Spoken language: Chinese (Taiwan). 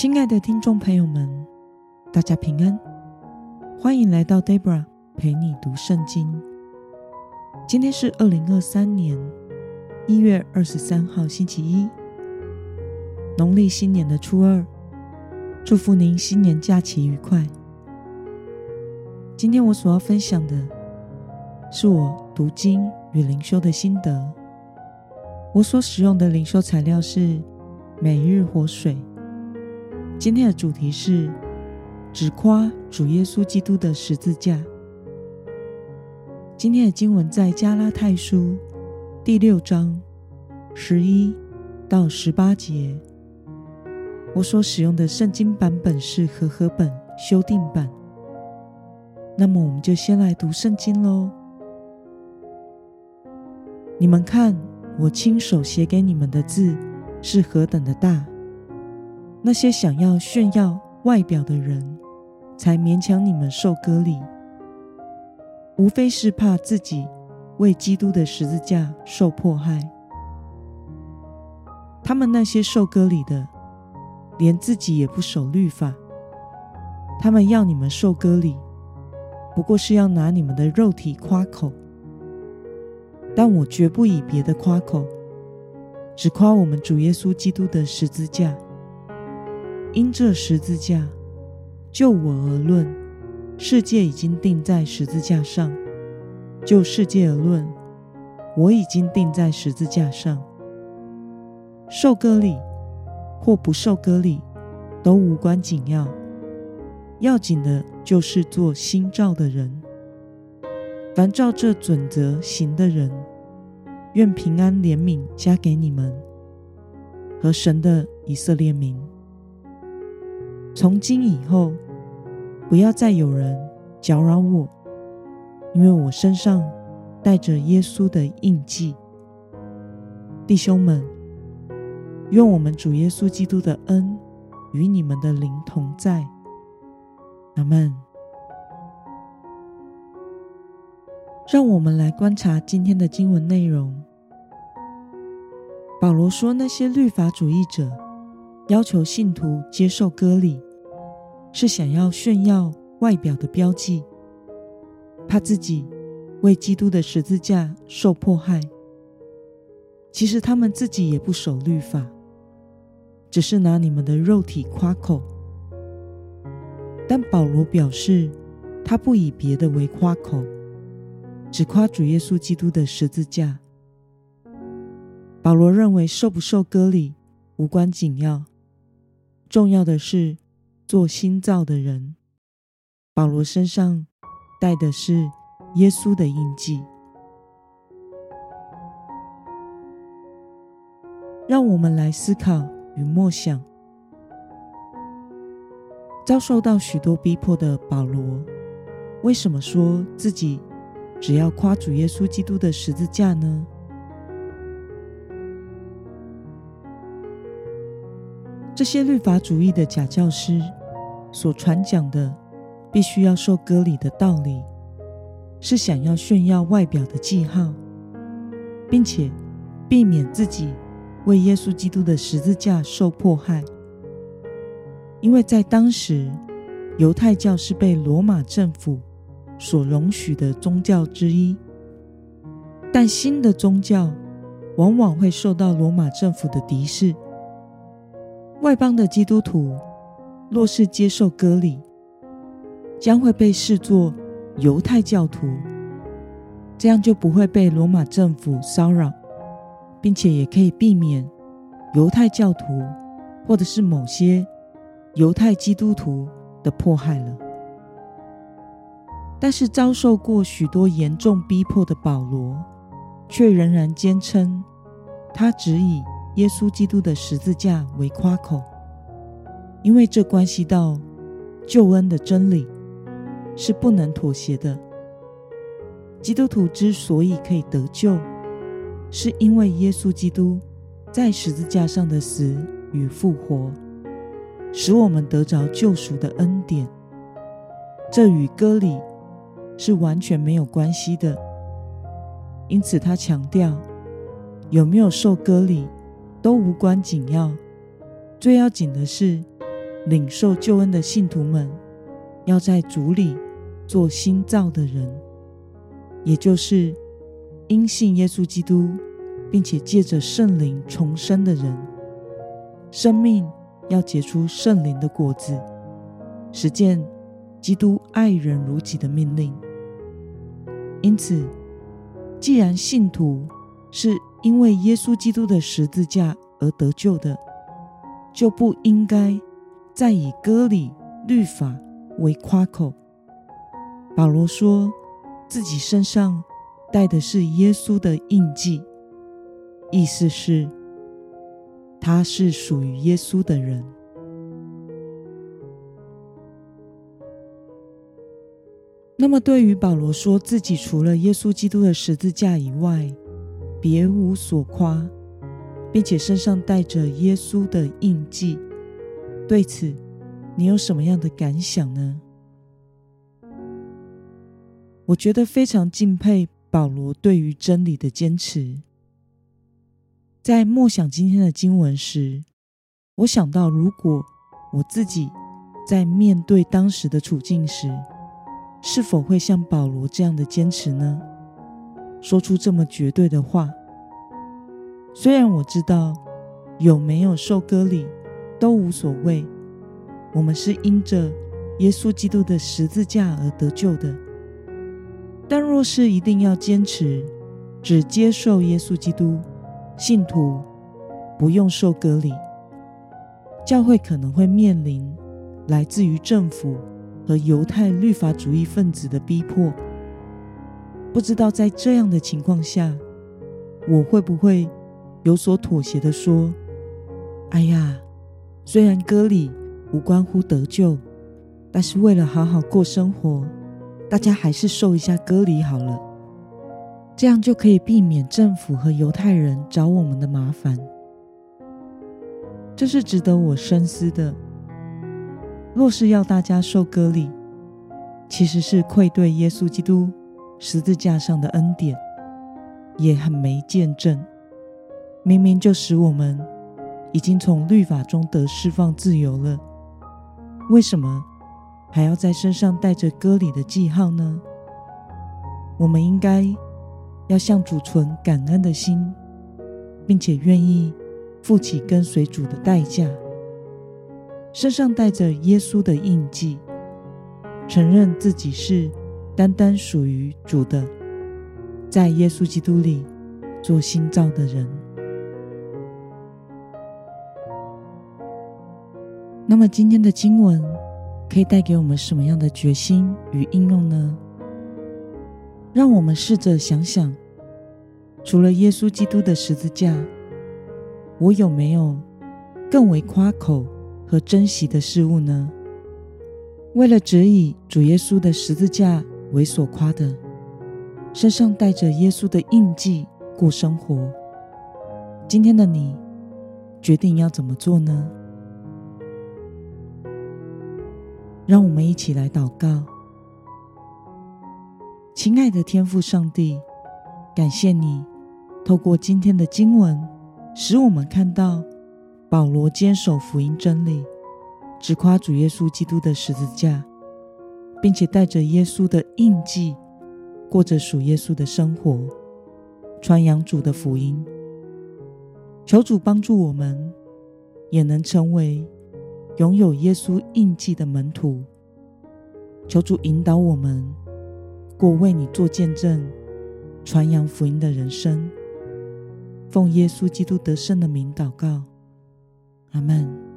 親愛的聽眾朋友們，大家平安，歡迎來到 Debra 陪你讀聖經。今天是二零二三年一月二十三號，星期一，農曆新年的初二。祝福您新年假期愉快。今天我所要分享的，是我讀經與靈修的心得。我所使用的靈修材料是《每日活水》。今天的主題是，只誇主耶穌基督的十字架。今天的經文在加拉太書第六章十一到十八節。我所使用的聖經版本是和合本修訂版。那麼，我們就先來讀聖經嘍。你們看，我親手寫給你們的字是何等的大！那些想要炫耀外表的人，才勉強你們受割禮，無非是怕自己為基督的十字架受迫害。他們那些受割禮的，連自己也不守律法，他們要你們受割禮，不過是要拿你們的肉體誇口。但我絕不以別的誇口，只誇我們主耶穌基督的十字架。因這十字架，就我而論，世界已經釘在十字架上；就世界而論，我已經釘在十字架上。受割禮或不受割禮，都無關緊要，要緊的就是做新造的人。凡照這準則行的人，願平安、憐憫加給你們和神的以色列民。從今以後，不要再有人攪擾我，因為我身上帶着耶穌的印記。弟兄們，願我們主耶穌基督的恩與你們的靈同在。阿門。讓我們來觀察今天的經文內容。保羅說，那些律法主義者要求信徒接受割禮。是想要炫耀外表的標記，怕自己為基督的十字架受迫害。其實他們自己也不守律法，只是拿你們的肉體誇口。但保羅表示，他不以別的為誇口，只誇主耶穌基督的十字架。保羅認為受不受割禮無關緊要，重要的是，做新造的人，保羅身上帶的是耶穌的印記。讓我們來思考與默想。遭受到許多逼迫的保羅，為什麼說自己只要誇主耶穌基督的十字架呢？這些律法主義的假教師。所傳講的，必須要受割禮的道理，是想要炫耀外表的記號，並且避免自己為耶穌基督的十字架受迫害，因為在當時，猶太教是被羅馬政府所容許的宗教之一，但新的宗教往往會受到羅馬政府的敵視，外邦的基督徒。若是接受割禮，將會被視作猶太教徒，這樣就不會被羅馬政府騷擾，並且也可以避免猶太教徒或者是某些猶太基督徒的迫害了。但是遭受過許多嚴重逼迫的保羅，卻仍然堅稱他只以耶穌基督的十字架為誇口。因為這關係到救恩的真理，是不能妥協的。基督徒之所以可以得救，是因為耶穌基督在十字架上的死與復活，使我們得着救贖的恩典。這與割禮是完全沒有關係的。因此，他強調，有沒有受割禮，都無關緊要。最要緊的是，領受救恩的信徒們，要在主裡做新造的人，也就是因信耶穌基督，並且借着聖靈重生的人，生命要結出聖靈的果子，實踐基督愛人如己的命令。因此，既然信徒是因為耶穌基督的十字架而得救的，就不應該再以割禮律法為誇口，保羅說自己身上帶的是耶穌的印記，意思是他是屬於耶穌的人。那麼，對於保羅說自己除了耶穌基督的十字架以外，別無所誇，並且身上帶着耶穌的印記。對此，你有什麼樣的感想呢？我覺得非常敬佩保羅對於真理的堅持。在默想今天的經文時，我想到，如果我自己在面對當時的處境時，是否會像保羅這樣的堅持呢？說出這麼絕對的話。雖然我知道有沒有受割禮，都無所謂，我們是因着耶穌基督的十字架而得救的。但若是一定要堅持只接受耶穌基督，信徒不用受割禮，教會可能會面臨來自於政府和猶太律法主義分子的逼迫。不知道在這樣的情況下，我會不會有所妥協的說：“哎呀。”雖然割禮無關乎得救，但是為了好好過生活，大家還是受一下割禮好了，這樣就可以避免政府和猶太人找我們的麻煩。這是值得我深思的。若是要大家受割禮，其實是愧對耶穌基督十字架上的恩典，也很沒見證，明明就使我們。已經從律法中得釋放自由了，為什麼還要在身上帶着割禮的記號呢？我們應該要向主存感恩的心，並且願意付起跟隨主的代價，身上帶着耶穌的印記，承認自己是單單屬於主的，在耶穌基督裡做新造的人。那麼今天的經文可以帶給我們什麼樣的決心與應用呢？讓我們試着想想，除了耶穌基督的十字架，我有沒有更為誇口和珍惜的事物呢？為了只以主耶穌的十字架為所誇的，身上帶着耶穌的印記過生活。今天的你決定要怎麼做呢？讓我們一起來禱告，親愛的天父上帝，感謝你透過今天的經文，使我們看到保羅堅守福音真理，只誇主耶穌基督的十字架，並且帶着耶穌的印記，過着屬耶穌的生活，傳揚主的福音。求主幫助我們，也能成為，擁有耶穌印記的門徒，求主引導我們過為你做見證、傳揚福音的人生。奉耶穌基督得勝的名禱告，阿門。